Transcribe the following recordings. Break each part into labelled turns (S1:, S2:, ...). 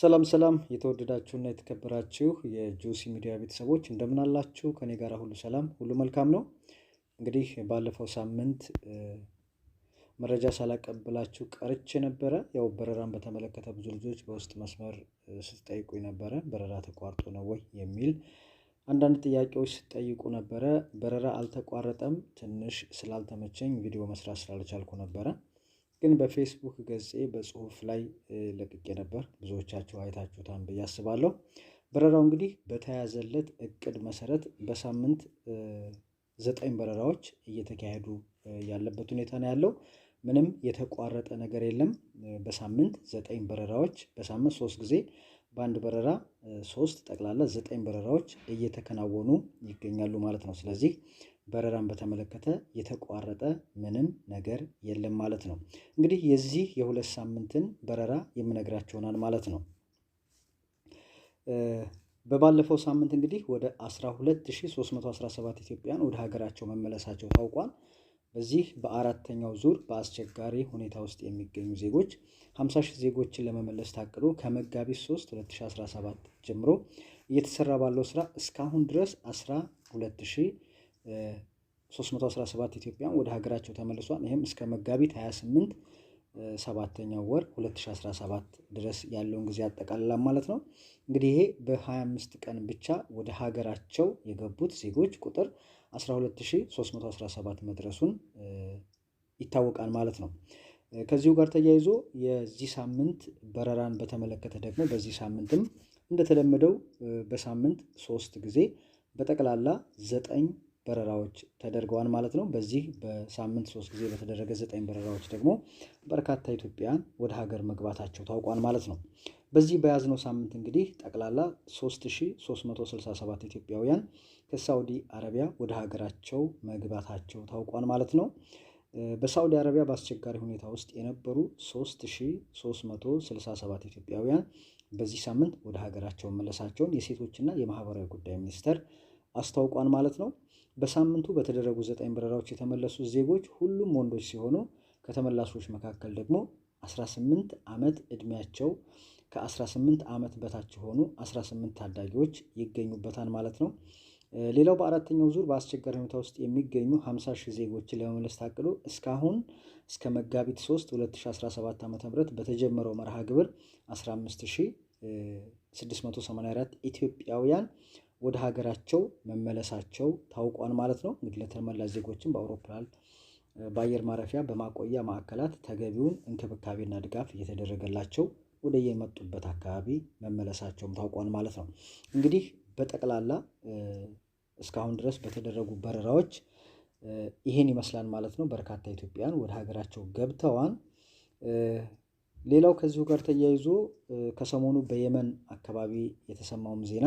S1: ሰላም ሰላም የተወደዳችሁና የተከበራችሁ የጆሲ ሚዲያ ቤተሰቦች እንደምን አላችሁ? ከኔ ጋር ሁሉ ሰላም፣ ሁሉ መልካም ነው። እንግዲህ ባለፈው ሳምንት መረጃ ሳላቀብላችሁ ቀርቼ ነበረ። ያው በረራን በተመለከተ ብዙ ልጆች በውስጥ መስመር ስትጠይቁ ነበረ። በረራ ተቋርጦ ነው ወይ የሚል አንዳንድ ጥያቄዎች ስትጠይቁ ነበረ። በረራ አልተቋረጠም። ትንሽ ስላልተመቸኝ ቪዲዮ መስራት ስላልቻልኩ ነበረ ግን በፌስቡክ ገጼ በጽሁፍ ላይ ለቅቄ ነበር። ብዙዎቻችሁ አይታችሁታን ብዬ አስባለሁ። በረራው እንግዲህ በተያዘለት እቅድ መሰረት በሳምንት ዘጠኝ በረራዎች እየተካሄዱ ያለበት ሁኔታ ነው ያለው። ምንም የተቋረጠ ነገር የለም። በሳምንት ዘጠኝ በረራዎች በሳምንት ሶስት ጊዜ በአንድ በረራ ሶስት ጠቅላላ ዘጠኝ በረራዎች እየተከናወኑ ይገኛሉ ማለት ነው። ስለዚህ በረራን በተመለከተ የተቋረጠ ምንም ነገር የለም ማለት ነው። እንግዲህ የዚህ የሁለት ሳምንትን በረራ የምነግራችሁ ይሆናል ማለት ነው። በባለፈው ሳምንት እንግዲህ ወደ 12317 ኢትዮጵያን ወደ ሀገራቸው መመለሳቸው ታውቋል። በዚህ በአራተኛው ዙር በአስቸጋሪ ሁኔታ ውስጥ የሚገኙ ዜጎች 50 ሺህ ዜጎችን ለመመለስ ታቅዶ ከመጋቢት 3 2017 ጀምሮ እየተሰራ ባለው ስራ እስካሁን ድረስ 12 317 ኢትዮጵያን ወደ ሀገራቸው ተመልሷል። ይህም እስከ መጋቢት 28 ሰባተኛው ወር 2017 ድረስ ያለውን ጊዜ ያጠቃልላል ማለት ነው። እንግዲህ ይሄ በ25 ቀን ብቻ ወደ ሀገራቸው የገቡት ዜጎች ቁጥር 12317 መድረሱን ይታወቃል ማለት ነው። ከዚሁ ጋር ተያይዞ የዚህ ሳምንት በረራን በተመለከተ ደግሞ በዚህ ሳምንትም እንደተለመደው በሳምንት ሶስት ጊዜ በጠቅላላ ዘጠኝ በረራዎች ተደርገዋል ማለት ነው። በዚህ በሳምንት ሶስት ጊዜ በተደረገ ዘጠኝ በረራዎች ደግሞ በርካታ ኢትዮጵያን ወደ ሀገር መግባታቸው ታውቋል ማለት ነው። በዚህ በያዝነው ሳምንት እንግዲህ ጠቅላላ 3367 ኢትዮጵያውያን ከሳውዲ አረቢያ ወደ ሀገራቸው መግባታቸው ታውቋል ማለት ነው። በሳውዲ አረቢያ በአስቸጋሪ ሁኔታ ውስጥ የነበሩ 3367 ኢትዮጵያውያን በዚህ ሳምንት ወደ ሀገራቸው መለሳቸውን የሴቶችና የማህበራዊ ጉዳይ ሚኒስቴር አስታውቋል ማለት ነው። በሳምንቱ በተደረጉ ዘጠኝ በረራዎች የተመለሱ ዜጎች ሁሉም ወንዶች ሲሆኑ ከተመላሾች መካከል ደግሞ 18 ዓመት ዕድሜያቸው ከ18 ዓመት በታች የሆኑ 18 ታዳጊዎች ይገኙበታል ማለት ነው። ሌላው በአራተኛው ዙር በአስቸጋሪ ሁኔታ ውስጥ የሚገኙ 50 ሺህ ዜጎችን ለመመለስ ታቅዶ እስካሁን እስከ መጋቢት 3 2017 ዓ ም በተጀመረው መርሃ ግብር 15684 ኢትዮጵያውያን ወደ ሀገራቸው መመለሳቸው ታውቋል ማለት ነው። እንግዲህ ለተመላሽ ዜጎችን በአውሮፕላን በአየር ማረፊያ በማቆያ ማዕከላት ተገቢውን እንክብካቤና ድጋፍ እየተደረገላቸው ወደ የመጡበት አካባቢ መመለሳቸውም ታውቋል ማለት ነው። እንግዲህ በጠቅላላ እስካሁን ድረስ በተደረጉ በረራዎች ይሄን ይመስላል ማለት ነው። በርካታ ኢትዮጵያውያን ወደ ሀገራቸው ገብተዋል። ሌላው ከዚሁ ጋር ተያይዞ ከሰሞኑ በየመን አካባቢ የተሰማውም ዜና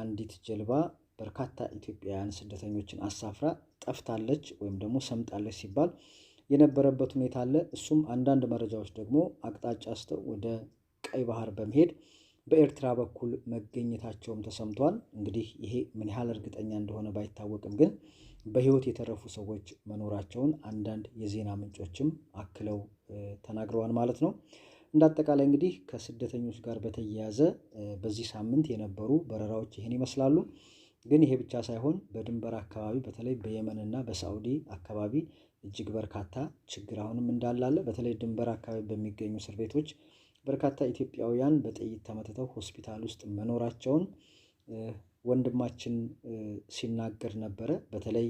S1: አንዲት ጀልባ በርካታ ኢትዮጵያውያን ስደተኞችን አሳፍራ ጠፍታለች ወይም ደግሞ ሰምጣለች ሲባል የነበረበት ሁኔታ አለ። እሱም አንዳንድ መረጃዎች ደግሞ አቅጣጫ ስተው ወደ ቀይ ባህር በመሄድ በኤርትራ በኩል መገኘታቸውም ተሰምቷል። እንግዲህ ይሄ ምን ያህል እርግጠኛ እንደሆነ ባይታወቅም ግን በሕይወት የተረፉ ሰዎች መኖራቸውን አንዳንድ የዜና ምንጮችም አክለው ተናግረዋል ማለት ነው። እንዳጠቃላይ አጠቃላይ እንግዲህ ከስደተኞች ጋር በተያያዘ በዚህ ሳምንት የነበሩ በረራዎች ይህን ይመስላሉ። ግን ይሄ ብቻ ሳይሆን በድንበር አካባቢ በተለይ በየመን እና በሳዑዲ አካባቢ እጅግ በርካታ ችግር አሁንም እንዳላለ። በተለይ ድንበር አካባቢ በሚገኙ እስር ቤቶች በርካታ ኢትዮጵያውያን በጥይት ተመትተው ሆስፒታል ውስጥ መኖራቸውን ወንድማችን ሲናገር ነበረ። በተለይ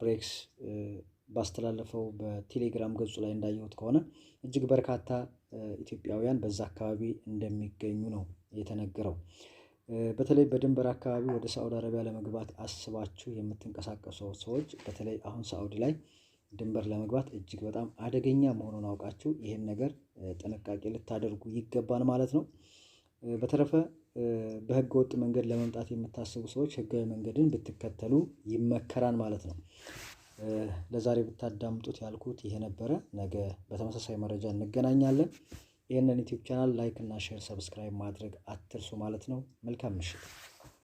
S1: ብሬክስ ባስተላለፈው በቴሌግራም ገጹ ላይ እንዳየሁት ከሆነ እጅግ በርካታ ኢትዮጵያውያን በዛ አካባቢ እንደሚገኙ ነው የተነገረው። በተለይ በድንበር አካባቢ ወደ ሳዑዲ አረቢያ ለመግባት አስባችሁ የምትንቀሳቀሱ ሰዎች በተለይ አሁን ሳዑዲ ላይ ድንበር ለመግባት እጅግ በጣም አደገኛ መሆኑን አውቃችሁ ይህን ነገር ጥንቃቄ ልታደርጉ ይገባል ማለት ነው። በተረፈ በህገ ወጥ መንገድ ለመምጣት የምታስቡ ሰዎች ህጋዊ መንገድን ብትከተሉ ይመከራል ማለት ነው። ለዛሬ ብታዳምጡት ያልኩት ይሄ ነበረ። ነገ በተመሳሳይ መረጃ እንገናኛለን። ይህንን ዩቲዩብ ቻናል ላይክ እና ሼር፣ ሰብስክራይብ ማድረግ አትርሱ ማለት ነው። መልካም ምሽት።